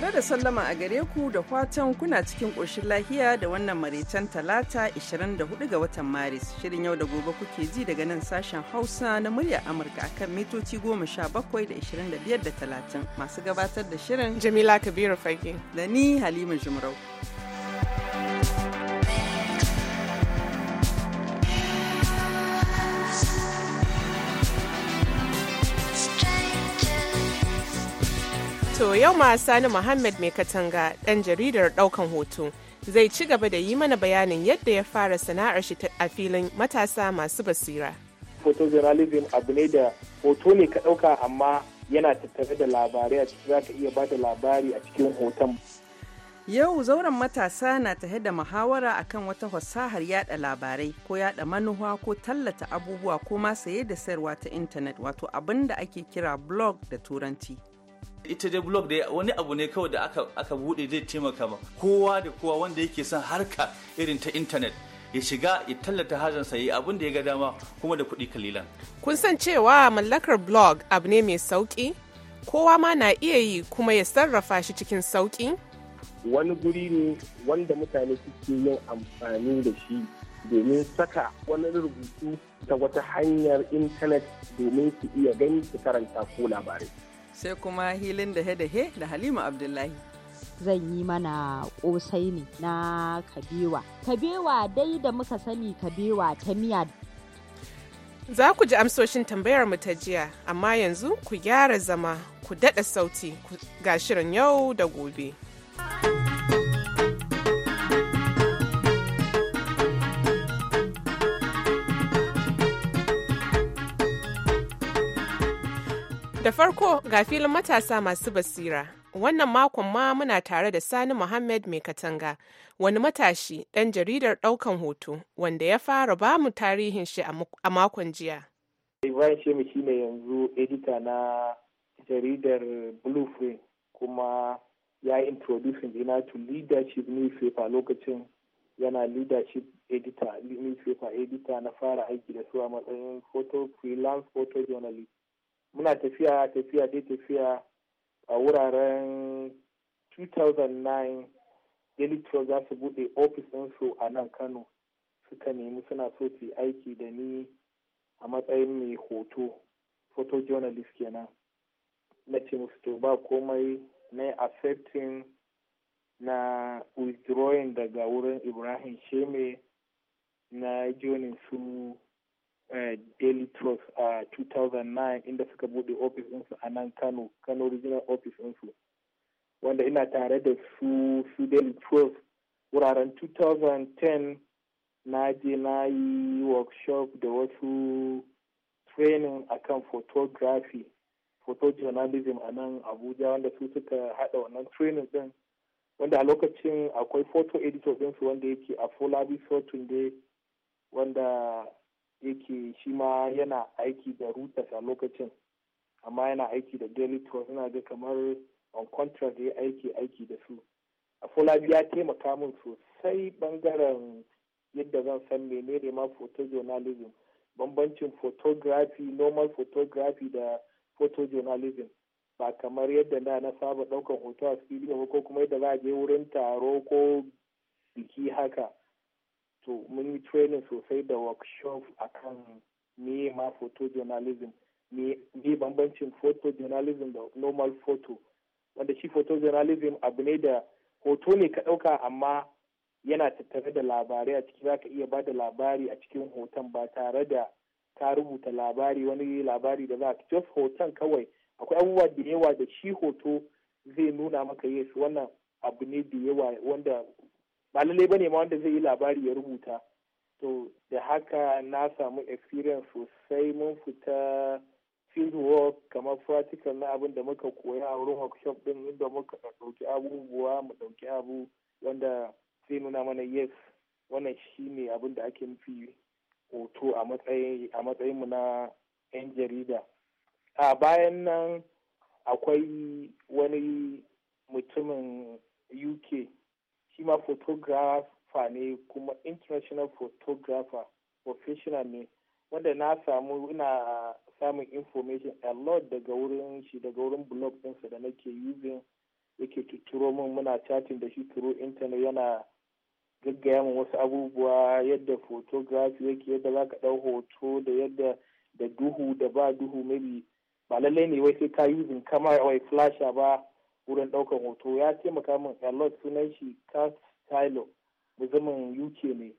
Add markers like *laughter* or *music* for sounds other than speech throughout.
tare da sallama a gare ku da fatan kuna cikin ƙoshin lahiya da wannan maraicen talata 24 ga watan maris shirin yau da gobe kuke ji daga nan sashen hausa na murya amurka akan mitoci 17 da 25 da 30 masu gabatar da shirin jamila kabiru fage da ni halima jumrau To yau ma Sani Muhammad mai katanga ɗan jaridar ɗaukan hoto zai ci gaba da yi mana bayanin yadda ya fara sana'ar shi a filin matasa masu basira. Photojournalism abu ne da hoto ne ka ɗauka amma yana tattare da labarai a ciki zaka iya ba da labari a cikin hoton. Yau zauren matasa na tahe da muhawara akan wata fasahar yada labarai ko yada manuwa ko tallata abubuwa ko ma saye da sayarwa ta intanet wato abin da ake kira blog da turanci. ita dai blog dai wani abu ne kawai da aka aka bude zai taimaka ma kowa da kowa wanda yake son harka irin ta intanet ya shiga ya tallata hajansa ya abin da ya ga dama kuma da kuɗi kalilan. Kun san cewa mallakar blog abu ne mai sauki Kowa ma na iya yi kuma ya sarrafa shi cikin sauki. Wani guri ne wanda mutane suke yin amfani da shi domin saka wani rubutu ta wata hanyar intanet domin su iya gani su karanta ko labarai. sai kuma hilin da he da he da halima abdullahi zan yi mana kosai ne na kabewa kabewa dai da muka sani kabewa ta miya za ku ji amsoshin tambayar mu ta jiya amma yanzu ku gyara zama ku daɗa sauti ga shirin yau da gobe. Da farko ga filin matasa masu basira. Wannan makon ma muna tare da Sani Muhammad mai katanga, wani matashi ɗan jaridar ɗaukan hoto wanda ya fara ba mu tarihin shi a makon jiya. Ibrahim Shemi ne yanzu edita na jaridar Blueprint kuma ya yi introducing dina to leadership newspaper lokacin yana leadership editor newspaper editor na fara aiki da su a matsayin photo freelance photo journalist. muna tafiya tafiya dai tafiya a wuraren 2009 daily trust za su bude ofis a nan kano suka nemi suna so su aiki da ni a matsayin mai hoto photojournalist kenan na ce musu to ba komai na accepting na withdrawing daga wurin ibrahim sheme na jonin su Eh, daily trust a ah, 2009 inda suka bude ofis ɗinsu a nan kano kano regional office ɗinsu wanda ina tare da su su daily trust wuraren 2010 na je na yi workshop da wasu training akan photography photojournalism a nan abuja wanda su suka hada wannan training din wanda a lokacin akwai photo editor ɗinsu wanda yake a folabi sotunde wanda yake shi ma yana aiki da rutas a lokacin amma yana aiki da daily tours yana ga kamar on contract ya aiki aiki da su a folabi ya taimaka min sosai bangaren yadda zan san menene ma photojournalism bambancin photography normal photography da photojournalism ba kamar yadda da na saba ɗaukar hoto a studio ko kuma yadda za a je wurin taro ko biki haka to mun yi training sosai da workshop akan me ma photojournalism me bambancin photojournalism da normal photo wanda shi photojournalism abu ne da hoto ne ka ɗauka amma yana tattare da labarai a ciki za iya ba da labari a cikin hoton ba tare da ka rubuta labari wani labari da za ka just hoton kawai akwai abubuwa da yawa da shi hoto zai nuna maka yesu wannan abu ne da yawa wanda ba lallai bane ma wanda zai yi labari ya rubuta to da haka na samu experience sosai mun fita field work kamar practical na abin da muka koya a wurin workshop din inda muka ɗauki abubuwa mu dauki abu wanda zai nuna mana yes wannan shi ne abin da ake nufi hoto a matsayin a matsayinmu na 'yan jarida a bayan nan akwai wani mutumin uk shi ma photographer ne kuma international photographer professional ne wanda na samu ina samun information a lot daga wurin shi daga wurin blog ɗinsa da nake using yake tuturo min muna chatting da shi turo internet yana gaggaya min wasu abubuwa yadda photography yake yadda za ka ɗau hoto da yadda da duhu da ba duhu maybe ba lallai ne wai sai ka using kamar wai flasher ba wurin ɗaukar hoto ya taimaka min a lot sunan shi Cass Tyler zaman UK ne.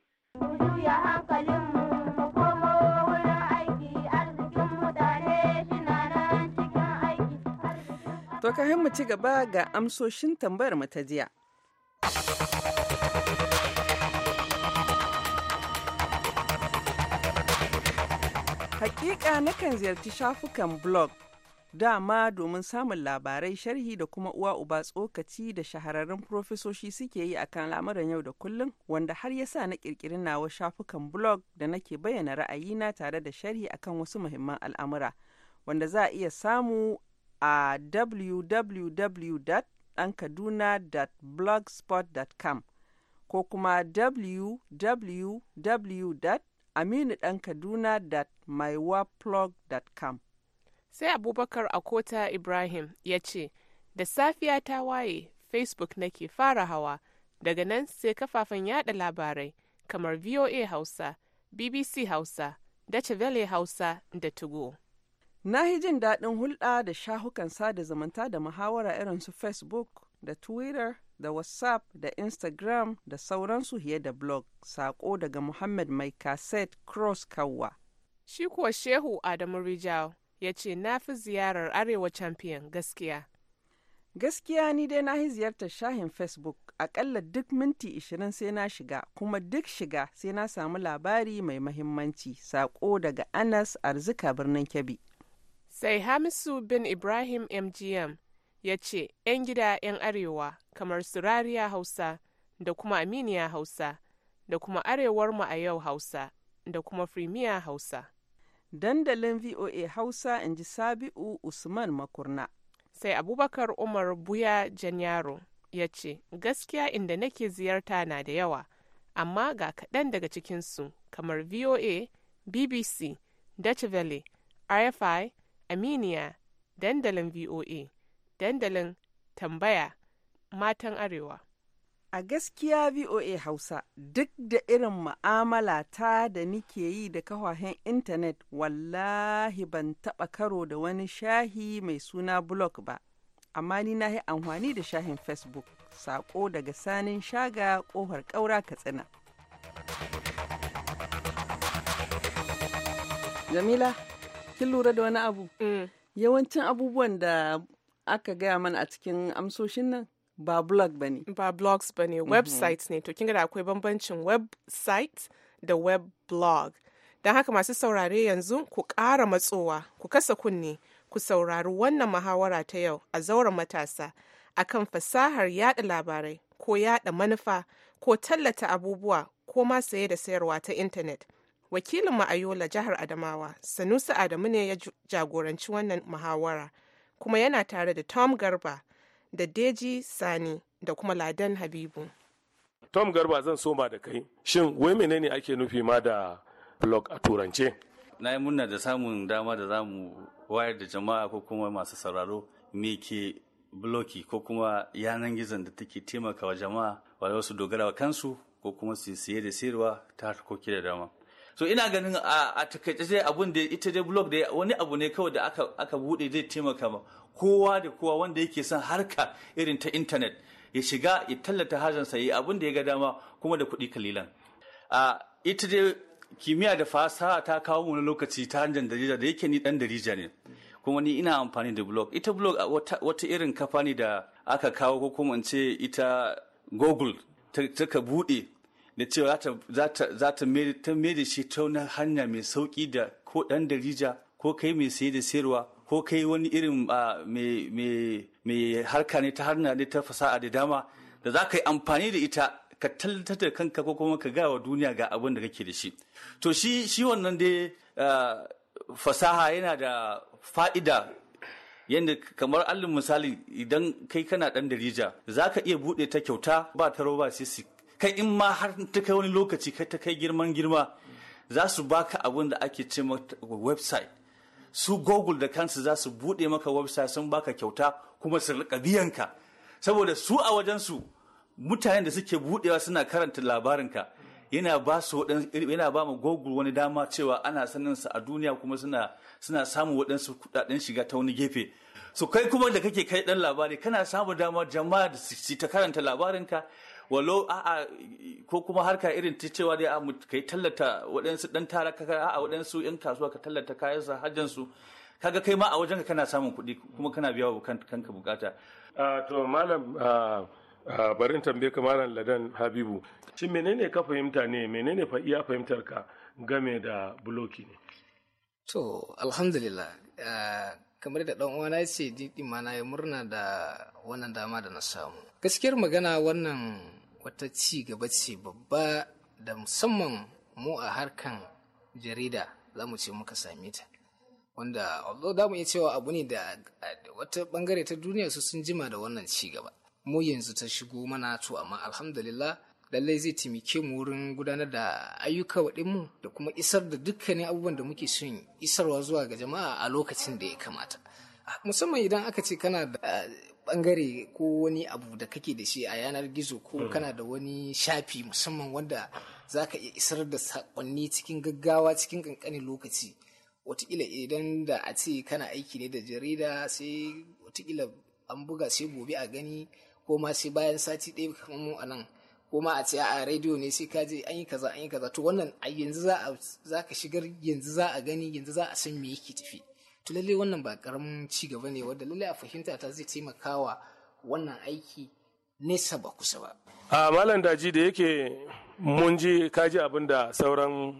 ya hankalin mu mu komo wurin aiki arzikin mutane shina nan cikin aiki. To ka mu ci gaba ga amsoshin tambayar mu ta jiya. Hakika nakan ziyarci shafukan blog dama domin samun labarai sharhi da kuma uwa uba tsokaci da shahararrun profesoshi suke yi akan al'amuran yau da kullum wanda har yasa na kirkiri nawa shafukan blog da nake bayyana ra'ayina tare da sharhi akan wasu muhimman al'amura wanda za a iya samu a www.dankaduna.blogspot.com ko kuma www.aminudankaduna.mywordblog.com sai abubakar akota ibrahim ya ce da safiya ta waye facebook nake fara hawa daga nan sai kafafen yada labarai kamar voa hausa bbc hausa dace vele hausa da tugo na yi jin daɗin hulɗa da shahukan sada zamanta da muhawara irin su facebook da twitter da whatsapp da instagram da sauransu hiye da blog saƙo daga muhammad mai cassette cross kawwa shi kuwa shehu adamu rijal ya ce na fi ziyarar arewa champion gaskiya gaskiya ni dai na yi ziyartar shahin facebook akalla duk minti 20 sai na shiga kuma duk shiga sai na samu labari mai mahimmanci sako daga anas arzika birnin kebbi sai hamisu bin ibrahim mgm ya ce 'yan gida 'yan arewa kamar surariya hausa da kuma aminiya hausa da kuma arewar mu a yau hausa da kuma firimiya hausa Dandalin VOA Hausa in ji Sabi'u Usman Makurna. Sai Abubakar Umar Buya Janyaro ya ce, Gaskiya inda nake ziyarta na da yawa, amma ga kaɗan daga cikinsu kamar VOA, BBC, Dutch Valley, RFI, Aminiya, dandalin VOA, dandalin tambaya, matan Arewa. A gaskiya VOA Hausa duk da irin ma'amala ta da nike yi da kawahen intanet wallahi ban taɓa karo da wani shahi mai suna blog ba, amma ni na yi amfani da shahin Facebook, saƙo daga sanin shaga ƙofar ƙaura Katsina. Jamila, kin lura da wani abu? Mm. Yawancin abubuwan da aka gaya mana a cikin amsoshin nan ba blog ba ne ba blogs ba ne mm-hmm. websites ne to kin ga da akwai bambancin website da web blog don haka masu saurare yanzu ku ƙara matsowa ku kasa kunne ku saurari wannan muhawara ta yau a zauren matasa akan fasahar yada labarai ko yada manufa ko tallata abubuwa ko ma saye da sayarwa ta intanet wakilin ma'ayola jihar adamawa sanusi adamu ne ya jagoranci wannan muhawara kuma yana tare da tom garba da Deji Sani da kuma Ladan Habibu. Tom Garba zan soma da kai. Shin wai menene ake nufi ma da blog a turance? Na yi munna da samun dama da zamu wayar da jama'a ko kuma masu sauraro me ke bloki ko kuma yanan gizon da take taimakawa jama'a wa wasu dogara wa kansu ko kuma su siye da sayarwa ta harkoki da dama. so ina ganin a takaice sai abun da ita dai blog da wani abu ne kawai da aka aka bude zai taimaka ma kowa da kowa wanda yake son harka irin ta intanet ya shiga ya tallata hajjan ya abun da ya ga dama kuma da kuɗi kalilan a ita dai kimiyya da fasaha ta kawo mu lokaci ta hanjan darija da yake ni dan darija ne kuma ni ina amfani da blog ita blog wata, irin kafa da aka kawo ko kuma in ce ita google ta ka buɗe Da cewa za ta mai da shi ta wani hanya mai sauki da ko ɗan darija ko kai mai saye da sayarwa ko kai wani irin mai harka ne ta harna ne ta fasaha da dama da za ka yi amfani da ita ka tallata da kanka ko kuma ka gawa duniya ga abin da kake da shi to shi shi wannan dai fasaha yana da fa'ida yadda kamar allin misali idan kai kana ɗan darija za ka iya buɗe ta kyauta ba ta roba sisi kai in ma har ta kai wani lokaci kai ta kai girman girma za su baka abin da ake ce website su google da kansu za su bude maka website sun baka kyauta kuma su rika biyanka saboda su a wajensu mutanen da suke budewa suna karanta labarinka yana ba su yana ba mu google wani dama cewa ana sanin sa a duniya kuma suna suna samun waɗansu kudaden shiga ta wani gefe so kai kuma da kake kai dan labari kana samun dama jama'a da su ta karanta labarinka Walo, a'a ko kuma harka irin ta cewa dai mu kai tallata waɗansu ɗan tara ka a'a waɗansu ‘yan kasuwa ka tallata kayansa hajjansu kaga kai ma a wajen ka kana samun kuɗi kuma kana biya wa kanka bukata. to malam barin tambaye ka malam ladan habibu shin menene ka fahimta ne menene fa iya fahimtar ka game da buloki ne. to alhamdulillah kamar da ɗan uwana ce didi ma na yi murna da wannan dama da na samu gaskiyar magana wannan wata ci gaba ce babba da musamman mu a harkan jarida za mu ce muka same ta wanda although za mu iya cewa abu ne da wata bangare ta duniya su sun jima da wannan ci gaba mu yanzu ta shigo mana to amma alhamdulillah lallai zai taimake mu wurin gudanar da ayyuka mu da kuma isar da dukkanin abubuwan da muke son isarwa zuwa ga jama'a a lokacin da ya kamata musamman idan aka ce kana da bangare ko wani abu da kake da shi a yanar gizo ko hmm. kana da wani shafi musamman wanda za ka iya isar da sakonni cikin gaggawa cikin ƙanƙanin lokaci watakila idan da a ce kana aiki ne da jarida sai watakila an buga sai gobe a gani ko ma sai bayan sati ɗaya kamar mu a nan ko ma a ce a rediyo ne sai kaje an yi kaza an yi kaza to wannan a yanzu za ka shigar yanzu za a gani yanzu za a san me yake tafi to wannan ba karamin ci gaba ne wanda lallai a fahimta ta zai taimaka wa wannan aiki nesa ba kusa ba a malam daji da yake mun ji kaji abin da sauran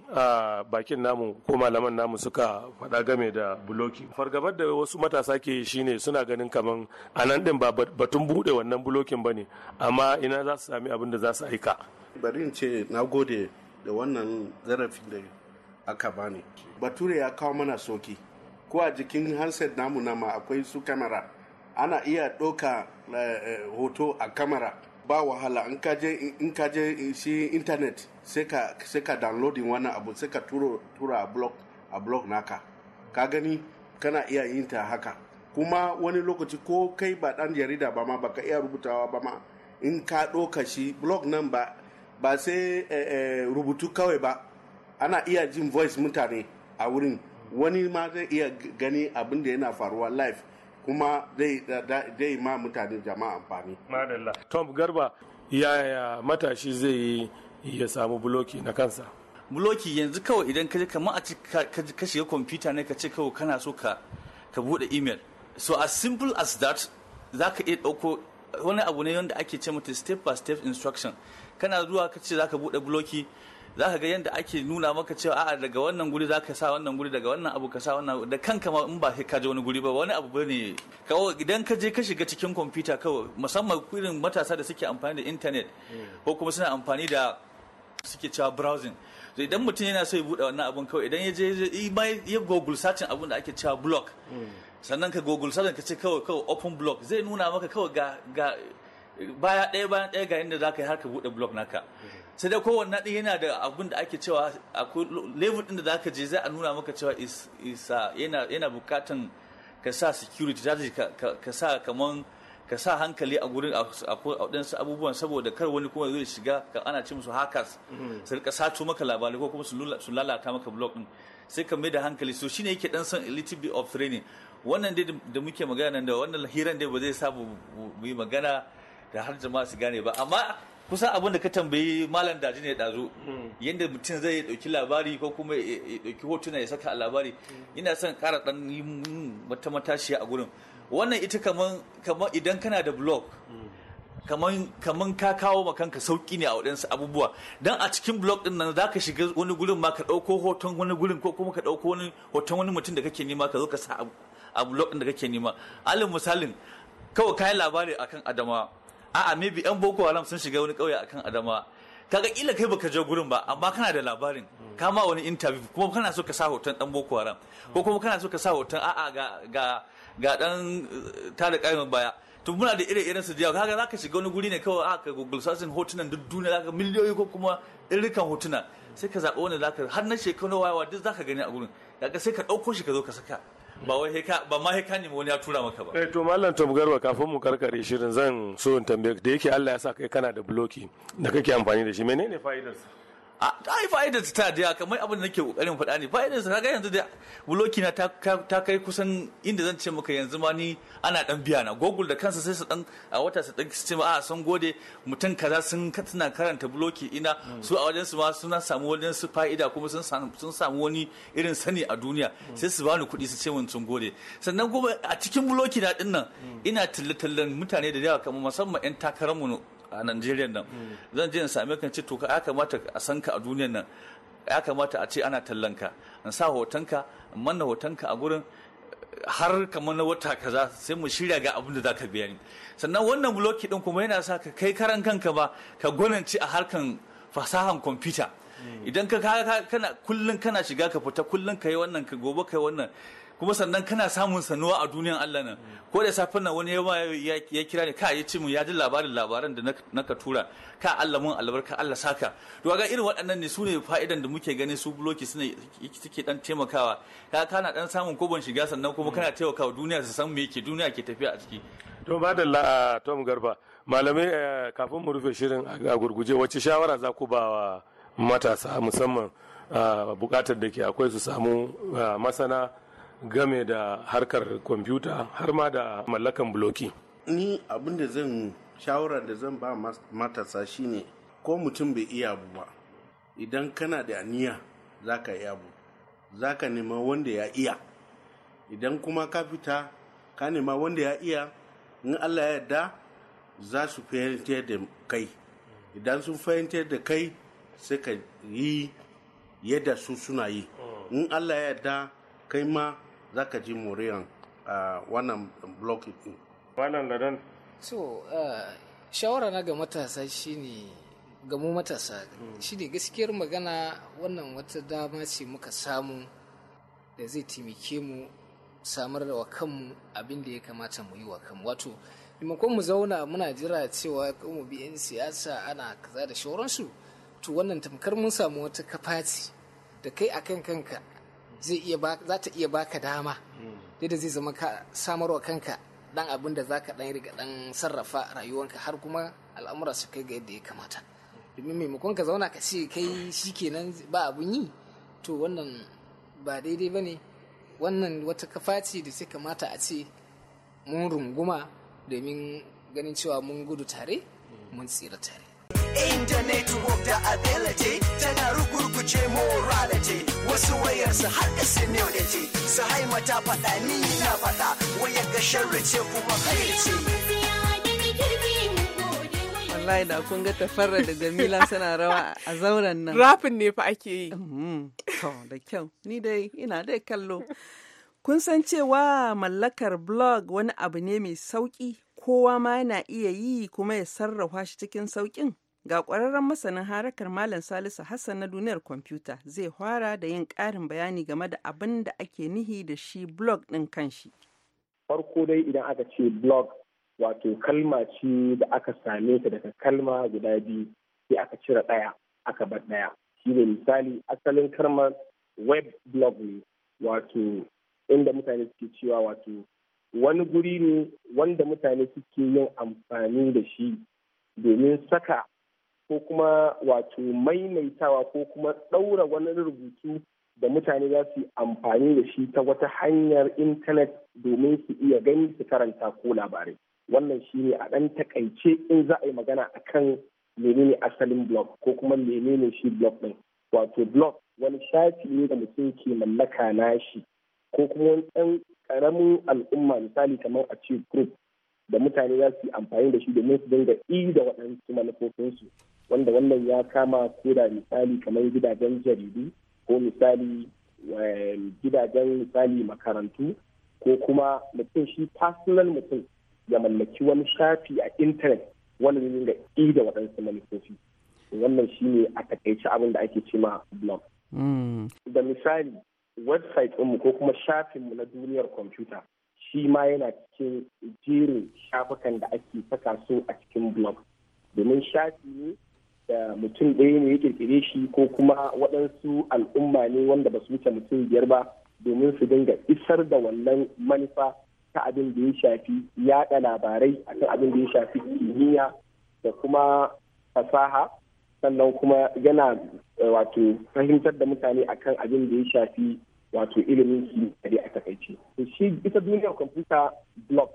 bakin namu ko malaman namu suka faɗa game da buloki fargabar da wasu matasa ke shine suna ganin kamar a nan ɗin ba batun buɗe wannan bulokin ba ne amma ina za su sami abin da za su aika bari in ce na gode da wannan zarafin da aka bani bature ya kawo mana soki ko a jikin handset namu nama akwai su kamera ana iya ɗauka eh, eh, hoto a kamera ba wahala in ka in kaje shi internet sai ka sai ka downloading abu sai ka tura a blog a blog naka ka gani kana iya yin ta haka kuma wani lokaci ko kai ba dan jarida ba ma baka iya rubutawa ba ma in ka ɗauka shi blog nan ba ba sai eh, rubutu kawai ba ana iya jin voice mutane a wurin wani ma zai iya gani abin da yana faruwa live kuma zai ma mutane jama'a amfani. Madalla. Tom Garba ya matashi zai yi ya samu buloki na kansa? Buloki yanzu kawai idan ka je a ka shiga kwamfuta ne ka ce kawai kana so ka ka bude email. So as simple as that za ka iya ɗauko wani abu ne wanda ake ce mata step by step instruction. Kana zuwa ka ce za ka bude buloki za ka ga yadda ake nuna maka cewa a'a daga wannan guri za ka sa wannan guri daga wannan abu ka sa wannan da kanka ma in ba ka je wani guri ba wani abu bane kawai idan ka je ka shiga cikin kwamfuta kawai musamman irin matasa da suke amfani da intanet ko kuma suna amfani da suke cewa browsing to idan mutum yana so ya bude wannan abun kawai idan ya je ya google searching abun da ake cewa blog sannan ka google searching ka ce kawai kawai open blog zai nuna maka kawai ga baya ɗaya bayan ɗaya ga yadda za ka yi har ka buɗe blog naka sai dai kowanne ɗin yana da abin da ake cewa level ɗin da zaka je zai a nuna maka cewa isa uh, yana bukatan ka sa security strategy ka sa kamar ka sa hankali a gurin waɗansu abubuwan saboda kar wani kuma zai shiga ka ana ce musu hackers mm-hmm. su rika sato maka labarai ko kuma su lalata maka blog ɗin sai ka mai da hankali so shine yake ɗan son a little bit of training wannan dai da muke magana da wannan hiran dai ba zai sa mu yi magana da har jama'a su gane ba amma kusan abin da ka tambayi malam daji ne dazu hmm. yadda mutum zai dauki labari ko kuma ya dauki hotuna ya saka a labari hmm. ina son kara dan mata matashi a gurin wannan ita kaman idan kana da blog hmm. kaman kaman ka kawo makanka sauki ne a waɗansu abubuwa dan a cikin blog din nan zaka shiga wani gurin ma ka dauko hoton wani gurin ko kuma ka dauko wani hoton wani mutum da kake nema ka zo ka sa a blog din da kake nema alin misalin kawai kayan labari akan adamawa a'a maybe yan boko haram sun shiga wani kauye akan adama kaga kila kai baka je gurin ba amma kana da labarin ka ma wani interview kuma kana so ka sa hoton dan boko haram ko kuma kana so ka sa hoton a'a ga ga ga dan eh, tada kayan baya to muna da irin irin su jiya kaga zaka shiga wani guri ne kawai aka google sasin hotunan duk duniya zaka miliyoyi ko kuma irikan hotuna sai ka zaɓi wanda zaka har na shekaru wayawa duk zaka gani a gurin kaga sai ka ɗauko shi ka zo ka saka ba wai ba ma ne wani ya tura maka ba eh to mallam tamgarwa kafin mu karkare shirin zan so in tambaye da yake Allah ya sa kai kana da bloki da kake amfani da shi menene fa'idarsa a ai fa'idar ta da kamar abin da nake kokarin faɗa ne fa'idar ta ga yanzu da buloki na ta kai kusan inda zan ce maka yanzu ma ni ana dan biya na google da kansa sai su dan a wata su dan ce ma a ah, sun gode mutum kaza sun karanta buloki ina mm. su a wajen su ma suna samu wajen su fa'ida kuma sun samu sun samu wani irin sani a duniya mm. sai su bani kuɗi su ce mun sun gode sannan kuma a cikin buloki na dinnan mm. ina tallatallan mutane da yawa kamar musamman yan takararmu a Najeriya nan zan je in same ka ce to ka kamata a san ka a duniyar nan ya kamata a ce ana tallan ka in sa ka, in manna hotonka a gurin har kamar na wata kaza sai mu shirya ga abin da za ka biya ni sannan wannan bloki din kuma yana sa ka kai karan kanka ba ka gwanance a harkan fasahan kwamfuta idan ka kana kullun kana shiga ka fita kullun ka yi wannan ka gobe ka yi wannan kuma sannan kana samun sanuwa a duniyan Allah nan ko da safin nan wani ya kira ni ka yi ci mu ya ji labarin labaran da na ka tura ka Allah mun albarka Allah saka to ga irin waɗannan ne sune fa'idan da muke ganin su bloki suna suke dan taimakawa ka kana dan samun kobon shiga sannan kuma kana taimakawa duniya su san me yake duniya ke tafiya a ciki to madalla Tom Garba malamai eh, kafin mu rufe shirin a gurguje wacce shawara za ku ba wa matasa musamman bukatar da ke akwai su samu masana game da harkar kwamfuta har ma da mallakan bloki ni abin da zan shawara da zan ba matasa shine ko mutum bai iya abu ba idan kana da niyya za ka yi abu za ka nema wanda ya iya idan kuma ka fita ka nema wanda ya iya in allah ya yarda za su fahimtar da kai idan sun fahimtar da kai sai ka yi yadda su suna yi in allah ya yarda kai ma za ka ji moriyan wannan blok din wannan ladan so shawara na ga matasa shine ga mu matasa hmm. shine gaskiyar magana wannan wata dama ce muka samu da zai taimake mu samar da wa kanmu abin da ya kamata mu yi wa kanmu wato maimakon mu zauna muna jira cewa mu bi 'yan siyasa ana kaza da shauransu to wannan tamkar mun samu wata kafaci da kai akan kanka zai iya za ta iya baka dama yadda zai zama ka wa kanka dan abin da za ka dan riga dan sarrafa rayuwanka har kuma al'amura su kai ga yadda ya kamata domin maimakon ka zauna ka ce kai shi kenan ba abun yi to wannan ba daidai ba ne. wannan wata kafa ce da sai kamata a ce mun runguma domin ganin cewa mun gudu tare mun tsira tare internet of the ability tana rugurguce morality wasu wayarsu har da senility su haima ta faɗa ni na faɗa wayar ga sharrice kuma hairice wallahi da kun ga tafarra da jamila suna rawa a zauren nan rafin ne fa ake yi mm-hmm. to da kyau ni dai ina dai kallo kun san cewa mallakar blog wani abu ne mai sauki kowa ma yana iya yi kuma ya sarrafa shi cikin saukin Ga ƙwararren masanin harakar Malam Salisu Hassan na duniyar kwamfuta zai fara da yin ƙarin bayani game da abin da ake nihi da shi blog ɗin kanshi. Farko dai idan aka ce blog wato kalma ce da aka same ta daga kalma guda biyu sai aka cire ɗaya aka bar ɗaya. Shi ne misali asalin kalmar web blog ne wato inda mutane suke cewa wato wani guri ne wanda mutane suke yin amfani da shi domin saka ko kuma wato maimaitawa ko kuma ɗaura wani rubutu da mutane za su yi amfani da shi ta wata hanyar intanet domin su iya gani su karanta ko labarai wannan shi ne a ɗan takaice in za a yi magana a kan menene asalin blog ko kuma menene shi blog ɗin wato blog wani shafi ne da mutum ke mallaka na shi ko kuma wani ɗan ƙaramin al'umma misali kamar a ce group da mutane za su amfani da shi domin su dinga i da waɗansu manufofinsu wanda wannan ya kama ko da misali kamar gidajen jaridu ko misali eh, gidajen misali makarantu ko kuma mutum shi personal mutum ya mallaki wani shafi a intanet wanda zai dinga ƙi da waɗansu manufofi wannan shi ne a takaice abin da ake cima blog hmm. da misali website ɗinmu ko kuma shafinmu na duniyar kwamfuta shi ma yana cikin jerin shafukan da ake saka so a cikin blog domin shafi ne da mutum ɗaya ne ya ƙirƙire shi ko kuma waɗansu al'umma ne wanda ba su wuce mutum biyar ba domin su dinga isar da wannan manufa ta abin da ya shafi yaɗa labarai akan abin da ya shafi kimiyya da kuma fasaha sannan kuma yana eh, wato fahimtar da mutane akan abin da ya shafi wato ilimin kimiyya a takaice. Shi ita duniyar kwamfuta blog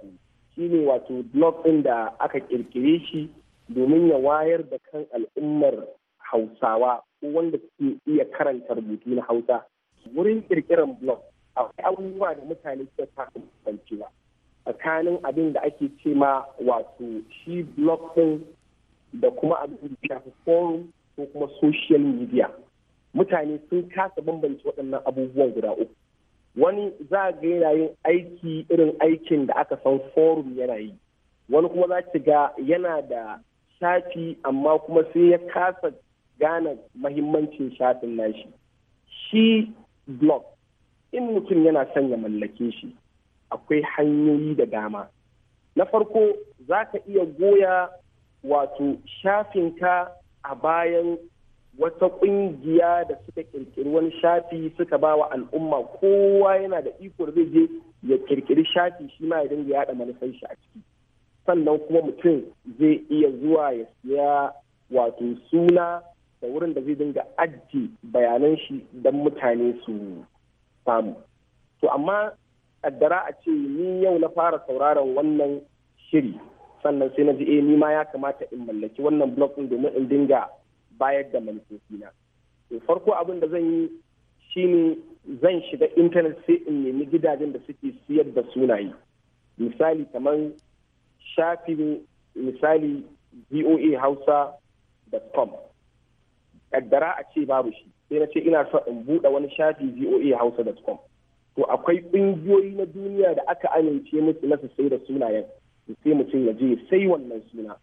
shi ne wato blog ɗin da aka ƙirƙire shi domin ya wayar da kan al'ummar hausawa ko wanda suke iya karanta rubutu na hausa wurin kirkiran blog akwai abubuwa da mutane suka samu kwanciya tsakanin abin da ake ce ma wato shi blog din da kuma abin da shafi forum ko kuma social media mutane sun kasa bambance waɗannan abubuwan guda uku wani za ga yana yin aiki irin aikin da aka san forum yana yi wani kuma za ki ga yana da shafi amma kuma sai ya kasa gane mahimmancin shafin nashi shi blog in mutum yana son ya mallake shi akwai hanyoyi da dama na farko za ka iya goya wato shafinka a bayan wata ƙungiya da suka kirkiri wani shafi suka ba wa al'umma kowa yana da iko da zai je ya kirkiri shafi shi ma ya dinga yada manufan shi a ciki sannan kuma mutum zai iya zuwa ya siya wato suna da wurin da zai dinga ajiye bayanan shi don mutane su samu to amma kaddara a ce ni yau na fara sauraron wannan shiri sannan sai na ji eh ni ma ya kamata in mallaki wannan blog din domin in dinga bayar da manufofina to farko abin da zan yi shine zan shiga intanet sai in nemi gidajen da suke siyar da sunaye misali kamar shafin misali voa hausa da a ce babu shi sai na ce ina son in buɗe wani shafi voa hausa da com to akwai ƙungiyoyi na duniya da aka amince musu na su sai da sunayen sai mutum ya je sai wannan suna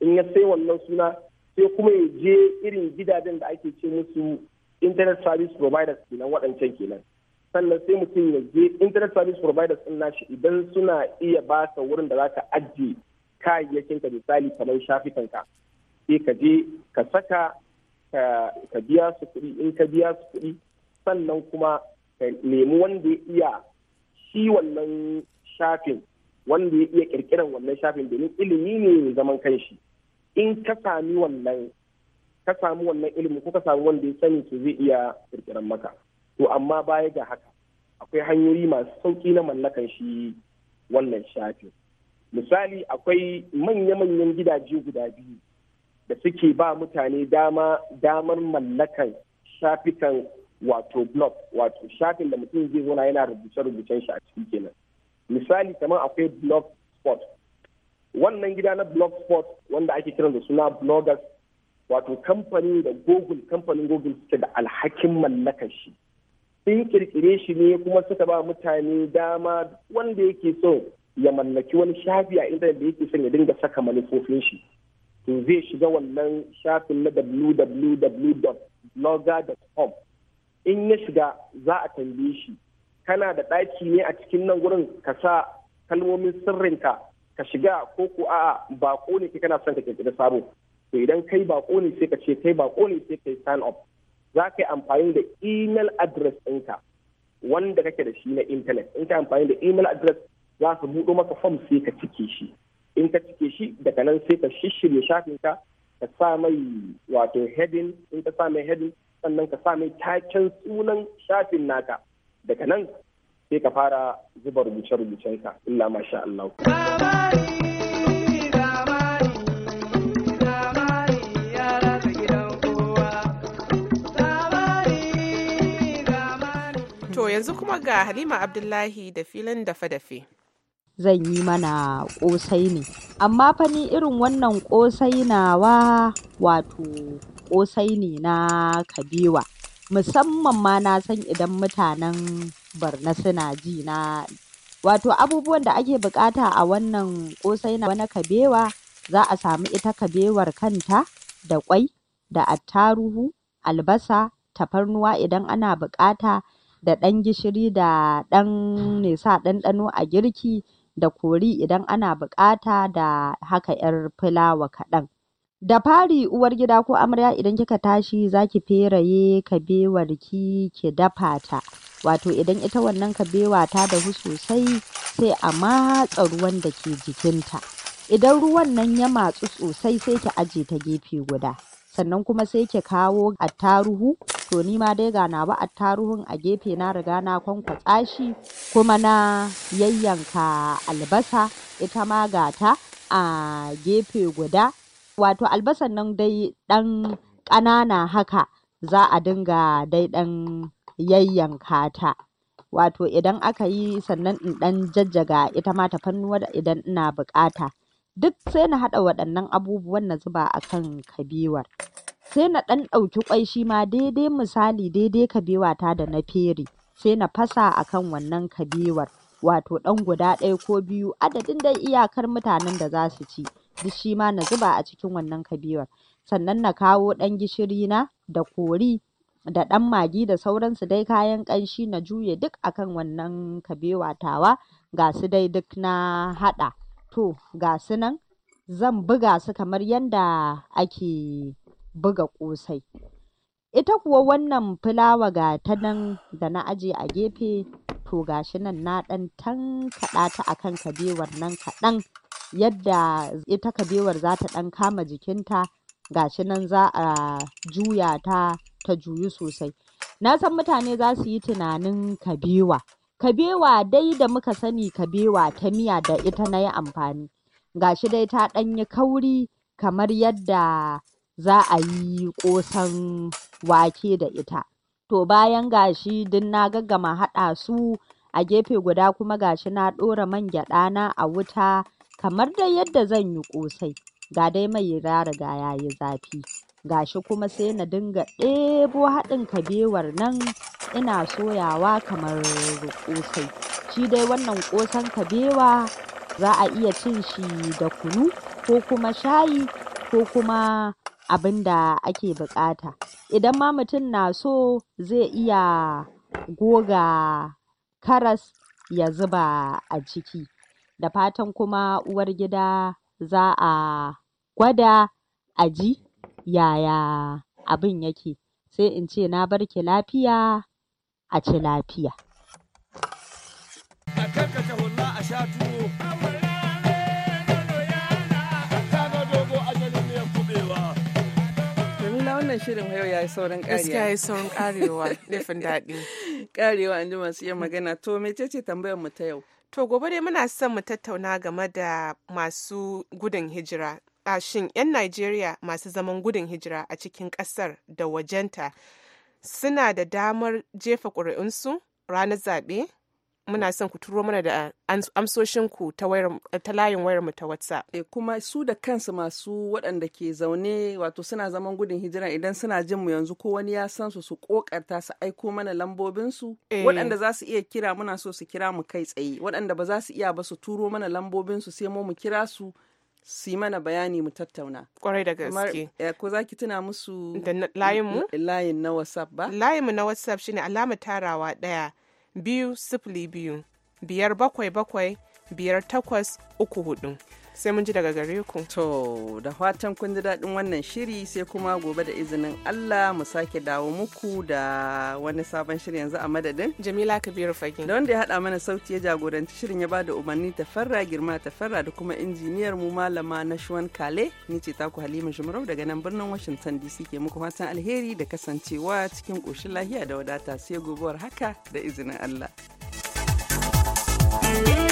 in ya sai wannan suna sai kuma ya je irin gidajen da ake ce musu internet service providers kenan waɗancan kenan sannan sai mutum ya je internet service providers din nashi idan suna iya ba ka wurin da zaka ajiye kayayyakin ka misali kamar shafikan ka sai ka je ka saka ka biya su kuɗi in ka biya su kuɗi sannan kuma ka nemi wanda ya iya shi wannan shafin wanda ya iya kirkiran wannan shafin domin ilimi ne mai zaman kanshi in ka sami wannan ka sami wannan ilimi ko ka sami wanda ya sani to zai iya kirkiran maka to amma baya ga haka akwai hanyoyi masu sauki na mallakan shi wannan shafin misali akwai manya-manyan gidaje guda biyu da suke ba mutane dama damar mallakan shafikan wato blog wato shafin da mutum zai zona yana rubuce-rubucen shi a ciki kenan misali kamar akwai blog spot wannan gida na blog spot wanda ake kiran da suna bloggers wato kamfani da google kamfanin google suke da alhakin mallakar shi sun kirkire shi ne kuma suka ba mutane dama wanda yake so ya mallaki wani shafi a intanet da yake son ya dinga saka manufofin shi to zai shiga wannan shafin na www.blogger.com in ya shiga za a tambaye shi kana da ɗaki ne a cikin nan gurin ka sa kalmomin sirrinka ka shiga ko ko a'a bako ne kana son ka kirkiri sabo to idan kai bako ne sai ka ce kai bako ne sai kai sign up za ka yi amfani da email address ɗinka wanda kake da shi na intanet in ka amfani da email address za su buɗo maka form sai ka cike shi in ka cike shi daga nan sai ka shishirya shafinka ka sa mai wato heading in ka sa mai heading sannan ka sa mai taken sunan shafin naka daga nan sai ka fara zuba rubuce-rubucenka illa masha Allah. yanzu kuma ga Halima Abdullahi da filin dafe-dafe. Zan yi mana ƙosai ne, amma fa ni irin wannan ƙosai nawa wato ƙosai ne na kabewa. Musamman ma na san idan mutanen barna suna ji na wato abubuwan da ake bukata a wannan ƙosai na wani kabewa za a samu ita kabewar kanta da ƙwai da attaruhu albasa tafarnuwa idan ana bukata da ɗan gishiri da ɗan mai ɗanɗano a girki da kori idan ana buƙata da haka 'yar filawa kaɗan. Da fari uwar gida ko amarya idan kika tashi za ki feraye kabewar ki ki dafa ta. Wato idan ita wannan kabewa ta dahu sosai sai a matsa ruwan da ke jikinta. Idan ruwan nan ya matsu sosai sai ki aje ta gefe guda. Sannan kuma sai ki kawo attaruhu to ni ma dai ga nawa taruhun a gefe na riga na kwankwatsa shi kuma na yayyanka albasa ita ma gata a gefe guda wato albasan nan dai ɗan ƙanana haka za a dinga dai ɗan yayyanka ta wato idan aka yi sannan in ɗan jajjaga ita ma ta fannuwa idan ina bukata duk sai na haɗa waɗannan abubuwan na zuba a kan kabewar sai na ɗan ɗauki ƙwai shi ma daidai misali daidai kabewata da na fere sai na fasa a kan wannan kabewar wato ɗan guda ɗaya ko biyu adadin dai iyakar mutanen da za su ci duk shi ma na zuba a cikin wannan kabewar sannan na kawo ɗan gishiri na da kori da ɗan magi da sauransu dai kayan ƙanshi na juye duk akan wannan kabewa tawa ga su dai duk na haɗa to ga su nan zan buga su kamar yadda ake buga ƙosai. Ita kuwa wannan fulawa ga ta nan da na aje a gefe to ga shi nan na ɗan tankaɗa ta a kan kabewar nan kaɗan yadda ita kabewar za ta ɗan kama jikinta ga shi nan za a juya ta ta juyu sosai. Na san mutane za su yi tunanin kabewa. Kabewa dai da muka sani kabewa ta miya da ita na yi amfani. Ga shi dai ta ɗan yi kauri kamar yadda za a yi ƙosan wake da ita. To bayan gashi duk na gaggama haɗa su a gefe guda kuma gashi na ɗora man gyaɗa na a wuta kamar dai yadda zan yi ƙosai. Ga dai mai ya riga ya yi zafi. Gashi kuma sai na dinga ɗebo haɗin kabewar nan ina soyawa kamar ƙosai. Shi dai wannan ƙosan kabewa za a iya cin shi da kunu ko kuma shayi ko kuma abin da ake buƙata. Idan ma mutum na so zai iya goga karas ya zuba a ciki. Da fatan kuma uwar gida za a gwada a ji yaya abin yake. Sai in ce na barki lafiya, a ci lafiya. wannan shirin yau ya yi sauran karewa. ya yi sauran karewa, daɗi. Karewa *laughs* in ji masu yin magana. To mecece tambayar mu ta yau? To gobe dai muna son mu tattauna game da masu gudun hijira. A shin 'yan Najeriya masu zaman gudun hijira a cikin ƙasar da wajenta suna da damar jefa ƙuri'unsu ranar zaɓe muna son ku turo mana da amsoshinku ta layin wayar mu ta WhatsApp. Eh, kuma su da kansu masu waɗanda ke zaune wato suna zaman gudun hijira idan suna jin mu yanzu ko wani ya san su su kokarta su aiko mana lambobin su eh. waɗanda za su iya kira muna so su kira mu kai tsaye waɗanda ba za su iya ba su turo mana lambobin sai mu mu kira su su yi mana bayani mu tattauna. Kwarai da gaske. Eh, ko za ki tuna musu da layin mu? Layin na WhatsApp ba? Layin mu na WhatsApp shine alamar tarawa ɗaya biyu sifili biyu biyar bakwai bakwai biyar takwas uku hudu. sai mun ji daga gare ku. To da fatan kun ji daɗin wannan shiri sai kuma gobe da izinin Allah mu sake dawo muku da wani sabon shirin yanzu a madadin. Jamila Kabiru Fagin. Da wanda ya haɗa mana sauti ya jagoranci shirin ya bada umarni ta farra girma ta farra da kuma injiniyar mu malama na Shuwan Kale ni ce taku Halima Jumarau daga nan birnin Washington DC ke muku fatan alheri da kasancewa cikin ƙoshin lahiya da wadata sai gobewar haka da izinin Allah. thank